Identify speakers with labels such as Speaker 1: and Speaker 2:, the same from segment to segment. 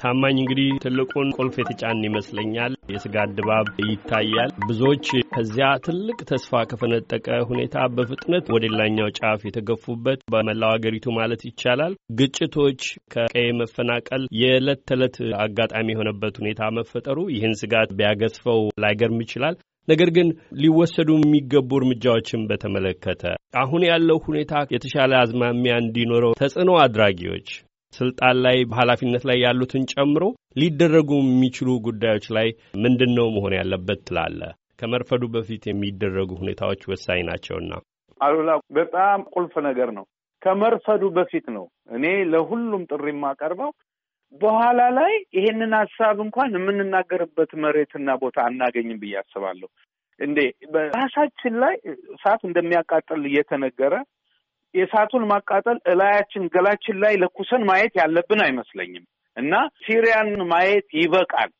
Speaker 1: ታማኝ እንግዲህ ትልቁን ቁልፍ የተጫን ይመስለኛል። የስጋት ድባብ ይታያል። ብዙዎች ከዚያ ትልቅ ተስፋ ከፈነጠቀ ሁኔታ በፍጥነት ወደ ሌላኛው ጫፍ የተገፉበት በመላው አገሪቱ ማለት ይቻላል ግጭቶች፣ ከቀይ መፈናቀል የዕለት ተዕለት አጋጣሚ የሆነበት ሁኔታ መፈጠሩ ይህን ስጋት ቢያገዝፈው ላይገርም ይችላል። ነገር ግን ሊወሰዱ የሚገቡ እርምጃዎችን በተመለከተ አሁን ያለው ሁኔታ የተሻለ አዝማሚያ እንዲኖረው ተጽዕኖ አድራጊዎች ስልጣን ላይ በኃላፊነት ላይ ያሉትን ጨምሮ ሊደረጉ የሚችሉ ጉዳዮች ላይ ምንድን ነው መሆን ያለበት ትላለ? ከመርፈዱ በፊት የሚደረጉ ሁኔታዎች ወሳኝ ናቸውና።
Speaker 2: አሉላ በጣም ቁልፍ ነገር ነው። ከመርፈዱ በፊት ነው እኔ ለሁሉም ጥሪ የማቀርበው በኋላ ላይ ይሄንን ሀሳብ እንኳን የምንናገርበት መሬትና ቦታ አናገኝም ብዬ አስባለሁ። እንዴ በራሳችን ላይ እሳት እንደሚያቃጥል እየተነገረ የእሳቱን ማቃጠል እላያችን ገላችን ላይ ለኩሰን ማየት ያለብን አይመስለኝም። እና ሲሪያን ማየት ይበቃል።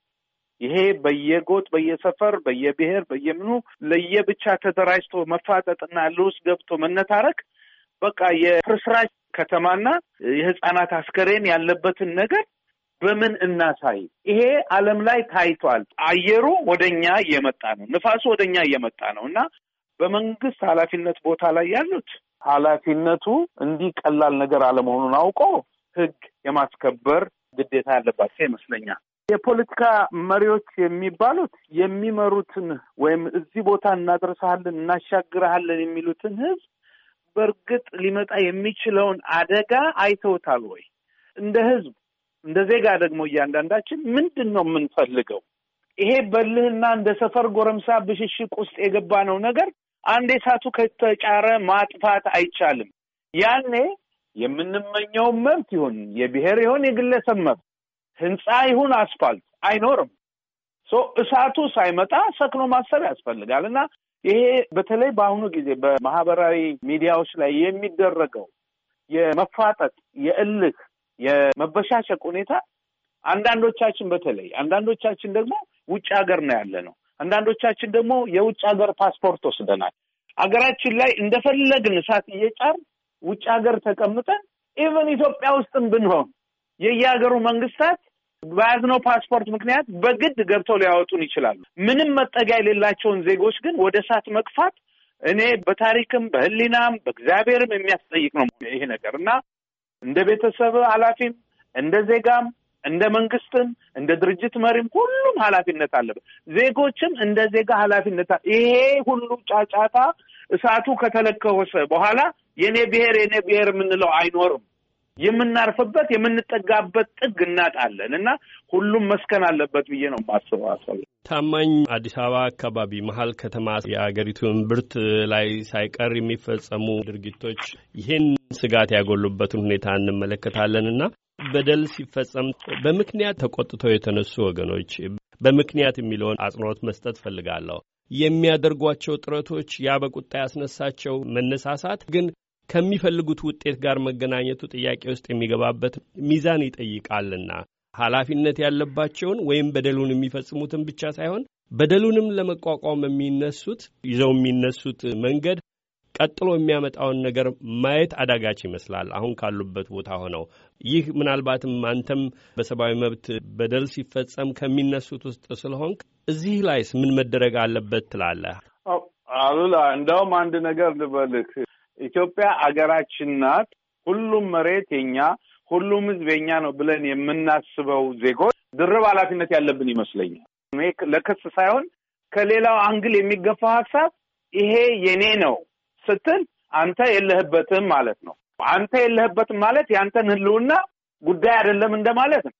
Speaker 2: ይሄ በየጎጥ በየሰፈር በየብሔር በየምኑ ለየብቻ ተደራጅቶ መፋጠጥና ልውስ ገብቶ መነታረክ በቃ የፍርስራሽ ከተማና የህፃናት አስከሬን ያለበትን ነገር በምን እናሳይ? ይሄ ዓለም ላይ ታይቷል። አየሩ ወደ እኛ እየመጣ ነው፣ ንፋሱ ወደ እኛ እየመጣ ነው እና በመንግስት ኃላፊነት ቦታ ላይ ያሉት ኃላፊነቱ እንዲህ ቀላል ነገር አለመሆኑን አውቆ ህግ የማስከበር ግዴታ ያለባቸው ይመስለኛል። የፖለቲካ መሪዎች የሚባሉት የሚመሩትን ወይም እዚህ ቦታ እናደርሰሃለን እናሻግረሃለን የሚሉትን ህዝብ በእርግጥ ሊመጣ የሚችለውን አደጋ አይተውታል ወይ? እንደ ህዝብ እንደ ዜጋ ደግሞ እያንዳንዳችን ምንድን ነው የምንፈልገው? ይሄ በልህና እንደ ሰፈር ጎረምሳ ብሽሽቅ ውስጥ የገባ ነው ነገር አንድ እሳቱ ከተጫረ ማጥፋት አይቻልም። ያኔ የምንመኘው መብት ይሁን የብሔር ይሁን የግለሰብ መብት፣ ህንፃ ይሁን አስፋልት አይኖርም። እሳቱ ሳይመጣ ሰክኖ ማሰብ ያስፈልጋል እና ይሄ በተለይ በአሁኑ ጊዜ በማህበራዊ ሚዲያዎች ላይ የሚደረገው የመፋጠጥ የእልህ የመበሻሸቅ ሁኔታ አንዳንዶቻችን በተለይ አንዳንዶቻችን ደግሞ ውጭ ሀገር ነው ያለ ነው። አንዳንዶቻችን ደግሞ የውጭ ሀገር ፓስፖርት ወስደናል። ሀገራችን ላይ እንደፈለግን እሳት እየጫር ውጭ ሀገር ተቀምጠን ኢቨን ኢትዮጵያ ውስጥም ብንሆን የየሀገሩ መንግስታት በያዝነው ፓስፖርት ምክንያት በግድ ገብተው ሊያወጡን ይችላሉ። ምንም መጠጊያ የሌላቸውን ዜጎች ግን ወደ እሳት መግፋት እኔ በታሪክም በህሊናም በእግዚአብሔርም የሚያስጠይቅ ነው ይሄ ነገር እና እንደ ቤተሰብ ኃላፊም እንደ ዜጋም እንደ መንግስትም እንደ ድርጅት መሪም ሁሉም ኃላፊነት አለበት። ዜጎችም እንደ ዜጋ ኃላፊነት ይሄ ሁሉ ጫጫታ እሳቱ ከተለኮሰ በኋላ የኔ ብሔር የኔ ብሔር የምንለው አይኖርም። የምናርፍበት የምንጠጋበት ጥግ እናጣለን እና ሁሉም መስከን አለበት ብዬ ነው ማስባሰብ።
Speaker 1: ታማኝ አዲስ አበባ አካባቢ መሀል ከተማ የአገሪቱን ብርት ላይ ሳይቀር የሚፈጸሙ ድርጊቶች ይህን ስጋት ያጎሉበትን ሁኔታ እንመለከታለን እና በደል ሲፈጸም በምክንያት ተቆጥተው የተነሱ ወገኖች በምክንያት የሚለውን አጽንኦት መስጠት ፈልጋለሁ። የሚያደርጓቸው ጥረቶች ያ በቁጣ ያስነሳቸው መነሳሳት ግን ከሚፈልጉት ውጤት ጋር መገናኘቱ ጥያቄ ውስጥ የሚገባበት ሚዛን ይጠይቃልና ኃላፊነት ያለባቸውን ወይም በደሉን የሚፈጽሙትን ብቻ ሳይሆን በደሉንም ለመቋቋም የሚነሱት ይዘው የሚነሱት መንገድ ቀጥሎ የሚያመጣውን ነገር ማየት አዳጋች ይመስላል። አሁን ካሉበት ቦታ ሆነው ይህ ምናልባትም አንተም በሰብአዊ መብት በደል ሲፈጸም ከሚነሱት ውስጥ ስለሆንክ እዚህ ላይስ ምን መደረግ አለበት ትላለህ?
Speaker 2: አሉላ፣ እንደውም አንድ ነገር ልበልህ። ኢትዮጵያ አገራችን ናት፣ ሁሉም መሬት የኛ፣ ሁሉም ህዝብ የኛ ነው ብለን የምናስበው ዜጎች ድርብ ኃላፊነት ያለብን ይመስለኛል። እኔ ለክስ ሳይሆን ከሌላው አንግል የሚገፋ ሀሳብ ይሄ የኔ ነው ስትል አንተ የለህበትም ማለት ነው። አንተ የለህበትም ማለት የአንተን ህልውና ጉዳይ አይደለም እንደማለት ነው።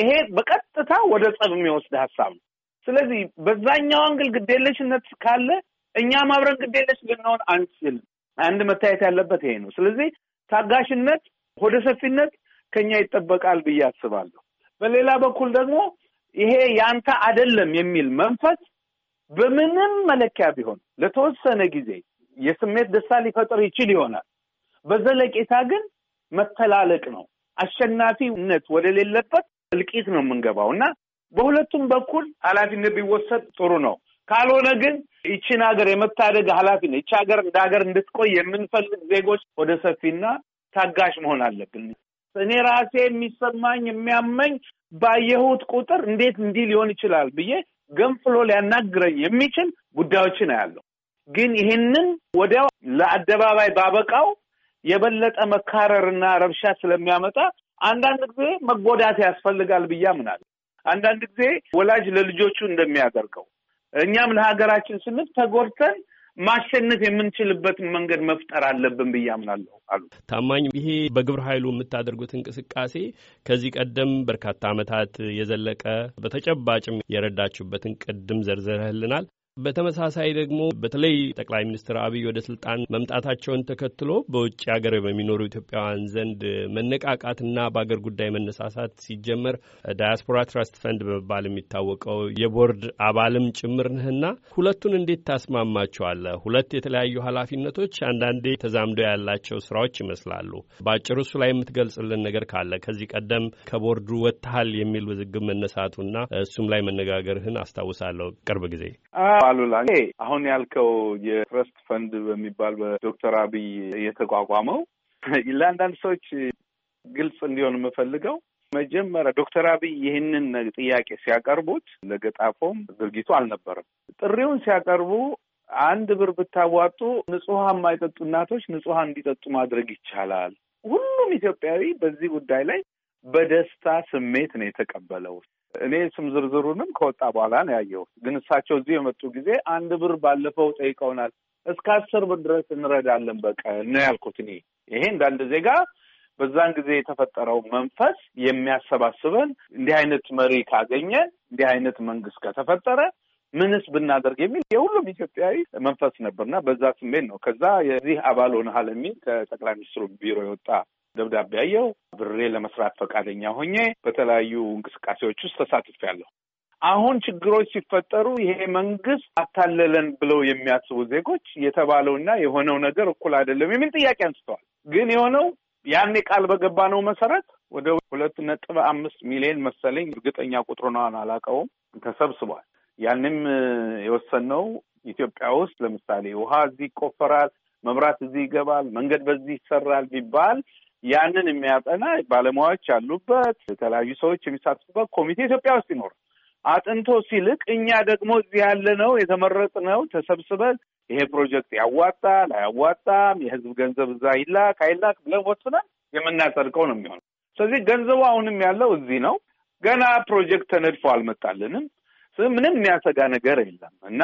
Speaker 2: ይሄ በቀጥታ ወደ ጸብ የሚወስድ ሀሳብ ነው። ስለዚህ በዛኛው አንግል ግዴለሽነት ካለ እኛ ማብረን ግዴለሽ ልንሆን አንችልም። አንድ መታየት ያለበት ይሄ ነው። ስለዚህ ታጋሽነት፣ ሆደ ሰፊነት ከኛ ይጠበቃል ብዬ አስባለሁ። በሌላ በኩል ደግሞ ይሄ ያንተ አይደለም የሚል መንፈስ በምንም መለኪያ ቢሆን ለተወሰነ ጊዜ የስሜት ደስታ ሊፈጥር ይችል ይሆናል። በዘለቄታ ግን መተላለቅ ነው፣ አሸናፊነት ወደሌለበት እልቂት ነው የምንገባው እና በሁለቱም በኩል ኃላፊነት ቢወሰድ ጥሩ ነው። ካልሆነ ግን ይችን ሀገር የመታደግ ነ ይች ሀገር እንደ ሀገር እንድትቆይ የምንፈልግ ዜጎች ወደ ሰፊና ታጋሽ መሆን አለብን። እኔ ራሴ የሚሰማኝ የሚያመኝ ባየሁት ቁጥር እንዴት እንዲህ ሊሆን ይችላል ብዬ ገንፍሎ ሊያናግረኝ የሚችል ጉዳዮችን ያለው ግን ይህንን ወዲያው ለአደባባይ ባበቃው የበለጠ መካረርና ረብሻ ስለሚያመጣ አንዳንድ ጊዜ መጎዳት ያስፈልጋል ብዬ አምናለሁ። አንዳንድ ጊዜ ወላጅ ለልጆቹ እንደሚያደርገው እኛም ለሀገራችን ስንል ተጎድተን ማሸነፍ የምንችልበትን መንገድ መፍጠር አለብን ብዬ አምናለሁ አሉ
Speaker 1: ታማኝ። ይሄ በግብረ ኃይሉ የምታደርጉት እንቅስቃሴ ከዚህ ቀደም በርካታ ዓመታት የዘለቀ በተጨባጭም የረዳችሁበትን ቅድም ዘርዝረህልናል። በተመሳሳይ ደግሞ በተለይ ጠቅላይ ሚኒስትር አብይ ወደ ስልጣን መምጣታቸውን ተከትሎ በውጭ ሀገር በሚኖሩ ኢትዮጵያውያን ዘንድ መነቃቃትና በአገር ጉዳይ መነሳሳት ሲጀመር ዳያስፖራ ትራስት ፈንድ በመባል የሚታወቀው የቦርድ አባልም ጭምር ነህና ሁለቱን እንዴት ታስማማቸዋለ ሁለት የተለያዩ ኃላፊነቶች አንዳንዴ ተዛምዶ ያላቸው ስራዎች ይመስላሉ። በአጭሩ እሱ ላይ የምትገልጽልን ነገር ካለ ከዚህ ቀደም ከቦርዱ ወጥተሃል የሚል ውዝግብ መነሳቱና እሱም ላይ መነጋገርህን አስታውሳለሁ ቅርብ ጊዜ
Speaker 2: አሉላ አሁን ያልከው የትረስት ፈንድ በሚባል በዶክተር አብይ የተቋቋመው ለአንዳንድ ሰዎች ግልጽ እንዲሆን የምፈልገው መጀመሪያ ዶክተር አብይ ይህንን ጥያቄ ሲያቀርቡት ለገጣፎም ድርጊቱ አልነበረም። ጥሪውን ሲያቀርቡ አንድ ብር ብታዋጡ ንጹሕ የማይጠጡ እናቶች ንጹሕ እንዲጠጡ ማድረግ ይቻላል። ሁሉም ኢትዮጵያዊ በዚህ ጉዳይ ላይ በደስታ ስሜት ነው የተቀበለው። እኔ ስም ዝርዝሩንም ከወጣ በኋላ ነው ያየሁት። ግን እሳቸው እዚህ የመጡ ጊዜ አንድ ብር ባለፈው ጠይቀውናል፣ እስከ አስር ብር ድረስ እንረዳለን በቃ ነው ያልኩት። እኔ ይሄ እንዳንድ ዜጋ በዛን ጊዜ የተፈጠረው መንፈስ የሚያሰባስበን እንዲህ አይነት መሪ ካገኘን፣ እንዲህ አይነት መንግስት ከተፈጠረ ምንስ ብናደርግ የሚል የሁሉም ኢትዮጵያዊ መንፈስ ነበርና በዛ ስሜት ነው። ከዛ የዚህ አባል ሆነሃል የሚል ከጠቅላይ ሚኒስትሩ ቢሮ የወጣ ደብዳቤ አየው ብሬ ለመስራት ፈቃደኛ ሆኜ በተለያዩ እንቅስቃሴዎች ውስጥ ተሳትፌያለሁ። አሁን ችግሮች ሲፈጠሩ ይሄ መንግስት አታለለን ብለው የሚያስቡ ዜጎች የተባለውና የሆነው ነገር እኩል አይደለም የሚል ጥያቄ አንስተዋል። ግን የሆነው ያኔ ቃል በገባነው መሰረት ወደ ሁለት ነጥብ አምስት ሚሊዮን መሰለኝ እርግጠኛ ቁጥሩን አላውቀውም ተሰብስቧል። ያንም የወሰነው ኢትዮጵያ ውስጥ ለምሳሌ ውሃ እዚህ ይቆፈራል፣ መብራት እዚህ ይገባል፣ መንገድ በዚህ ይሰራል ቢባል ያንን የሚያጠና ባለሙያዎች ያሉበት የተለያዩ ሰዎች የሚሳተፉበት ኮሚቴ ኢትዮጵያ ውስጥ ይኖር አጥንቶ ሲልቅ እኛ ደግሞ እዚህ ያለነው ነው ተሰብስበን ይሄ ፕሮጀክት ያዋጣል አያዋጣም፣ የህዝብ ገንዘብ እዛ ይላክ አይላክ ብለን ወስነን የምናጸድቀው ነው የሚሆነው። ስለዚህ ገንዘቡ አሁንም ያለው እዚህ ነው። ገና ፕሮጀክት ተነድፎ አልመጣልንም። ምንም የሚያሰጋ ነገር የለም እና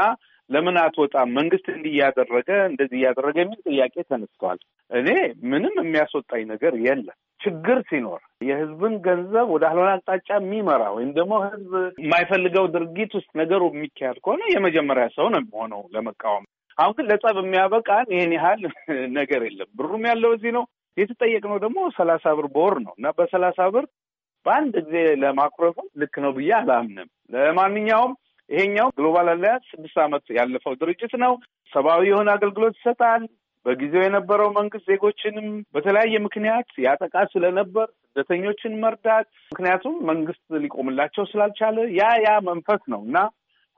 Speaker 2: ለምን አትወጣም? መንግስት እንዲህ እያደረገ እንደዚህ እያደረገ የሚል ጥያቄ ተነስተዋል። እኔ ምንም የሚያስወጣኝ ነገር የለም። ችግር ሲኖር የህዝብን ገንዘብ ወደ አልሆነ አቅጣጫ የሚመራ ወይም ደግሞ ህዝብ የማይፈልገው ድርጊት ውስጥ ነገሩ የሚካሄድ ከሆነ የመጀመሪያ ሰው ነው የሚሆነው ለመቃወም። አሁን ግን ለጸብ የሚያበቃን ይህን ያህል ነገር የለም። ብሩም ያለው እዚህ ነው። የተጠየቅነው ደግሞ ሰላሳ ብር በወር ነው እና በሰላሳ ብር በአንድ ጊዜ ለማኩረፉ ልክ ነው ብዬ አላምንም። ለማንኛውም ይሄኛው ግሎባል አሊያንስ ስድስት ዓመት ያለፈው ድርጅት ነው። ሰብአዊ የሆነ አገልግሎት ይሰጣል። በጊዜው የነበረው መንግስት ዜጎችንም በተለያየ ምክንያት ያጠቃ ስለነበር ስደተኞችን መርዳት ምክንያቱም መንግስት ሊቆምላቸው ስላልቻለ ያ ያ መንፈስ ነው እና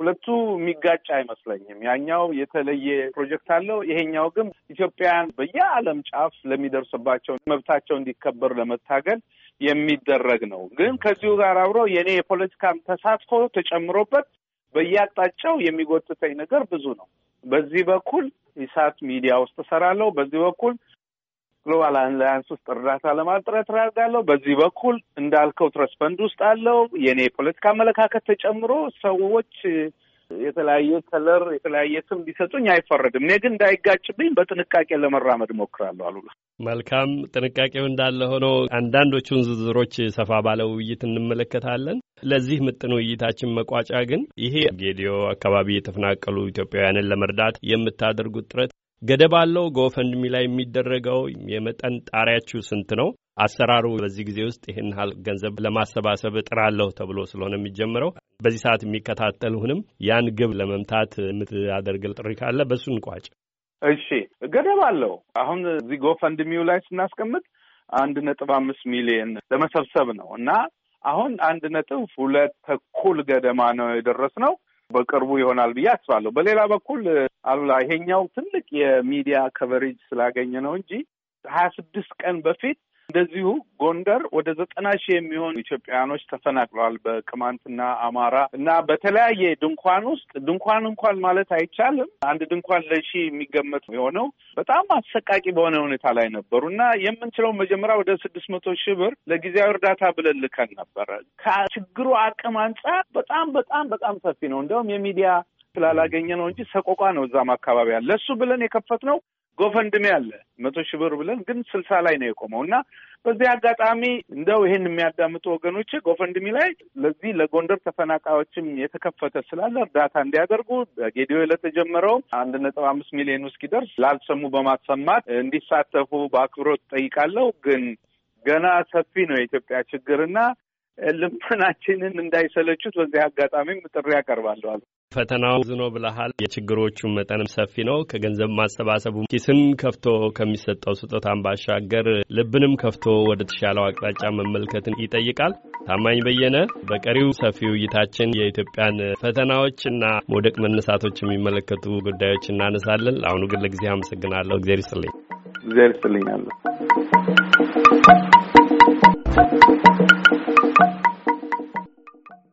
Speaker 2: ሁለቱ የሚጋጭ አይመስለኝም። ያኛው የተለየ ፕሮጀክት አለው። ይሄኛው ግን ኢትዮጵያን በየዓለም ጫፍ ለሚደርስባቸው መብታቸው እንዲከበር ለመታገል የሚደረግ ነው። ግን ከዚሁ ጋር አብሮ የእኔ የፖለቲካም ተሳትፎ ተጨምሮበት በየአቅጣጫው የሚጎትተኝ ነገር ብዙ ነው። በዚህ በኩል ኢሳት ሚዲያ ውስጥ እሰራለሁ። በዚህ በኩል ግሎባል አላያንስ ውስጥ እርዳታ ለማጥረት ራርጋለሁ። በዚህ በኩል እንዳልከው ትረስ ፈንድ ውስጥ አለው። የእኔ የፖለቲካ አመለካከት ተጨምሮ ሰዎች የተለያየ ከለር የተለያየ ስም ሊሰጡኝ አይፈረድም። እኔ ግን እንዳይጋጭብኝ በጥንቃቄ ለመራመድ ሞክራለሁ። አሉላ
Speaker 1: መልካም። ጥንቃቄው እንዳለ ሆኖ አንዳንዶቹን ዝርዝሮች ሰፋ ባለ ውይይት እንመለከታለን። ለዚህ ምጥን ውይይታችን መቋጫ ግን ይሄ ጌዲዮ አካባቢ የተፈናቀሉ ኢትዮጵያውያንን ለመርዳት የምታደርጉት ጥረት ገደብ አለው? ጎፈንድሚ ላይ የሚደረገው የመጠን ጣሪያችሁ ስንት ነው? አሰራሩ በዚህ ጊዜ ውስጥ ይህን ያህል ገንዘብ ለማሰባሰብ እጥራለሁ ተብሎ ስለሆነ የሚጀምረው በዚህ ሰዓት የሚከታተሉህንም ያን ግብ ለመምታት የምታደርገው ጥሪ ካለ በእሱ እንቋጭ።
Speaker 2: እሺ፣ ገደብ አለው። አሁን እዚህ ጎፈንድሚው ላይ ስናስቀምጥ አንድ ነጥብ አምስት ሚሊየን ለመሰብሰብ ነው እና አሁን አንድ ነጥብ ሁለት ተኩል ገደማ ነው የደረስነው። በቅርቡ ይሆናል ብዬ አስባለሁ። በሌላ በኩል አሉላ ይሄኛው ትልቅ የሚዲያ ከቨሬጅ ስላገኘ ነው እንጂ ሀያ ስድስት ቀን በፊት እንደዚሁ ጎንደር ወደ ዘጠና ሺህ የሚሆኑ ኢትዮጵያውያኖች ተፈናቅለዋል። በቅማንትና አማራ እና በተለያየ ድንኳን ውስጥ ድንኳን እንኳን ማለት አይቻልም አንድ ድንኳን ለሺህ የሚገመት የሆነው በጣም አሰቃቂ በሆነ ሁኔታ ላይ ነበሩ እና የምንችለው መጀመሪያ ወደ ስድስት መቶ ሺህ ብር ለጊዜያዊ እርዳታ ብለን ልከን ነበረ። ከችግሩ አቅም አንጻር በጣም በጣም በጣም ሰፊ ነው። እንዲሁም የሚዲያ ስላላገኘ ነው እንጂ ሰቆቋ ነው። እዛም አካባቢ ያለ እሱ ብለን የከፈትነው ጎፈንድሜ አለ መቶ ሺህ ብር ብለን ግን ስልሳ ላይ ነው የቆመው እና በዚህ አጋጣሚ እንደው ይሄን የሚያዳምጡ ወገኖች ጎፈንድሚ ላይ ለዚህ ለጎንደር ተፈናቃዮችም የተከፈተ ስላለ እርዳታ እንዲያደርጉ በጌዲዮ ለተጀመረው አንድ ነጥብ አምስት ሚሊዮን እስኪደርስ ላልሰሙ በማሰማት እንዲሳተፉ በአክብሮት ጠይቃለሁ። ግን ገና ሰፊ ነው የኢትዮጵያ ችግርና ልመናችንን እንዳይሰለችት በዚህ አጋጣሚም ጥሪ ያቀርባለሁ።
Speaker 1: ፈተናው ዝኖ ብለሃል። የችግሮቹ መጠንም ሰፊ ነው። ከገንዘብ ማሰባሰቡ ኪስን ከፍቶ ከሚሰጠው ስጦታን ባሻገር ልብንም ከፍቶ ወደ ተሻለው አቅጣጫ መመልከትን ይጠይቃል። ታማኝ በየነ፣ በቀሪው ሰፊ ውይይታችን የኢትዮጵያን ፈተናዎችና መውደቅ መነሳቶች የሚመለከቱ ጉዳዮች እናነሳለን። አሁኑ ግን ለጊዜ አመሰግናለሁ። እግዜር ይስጥልኝ።
Speaker 2: እግዜር ይስጥልኛለሁ።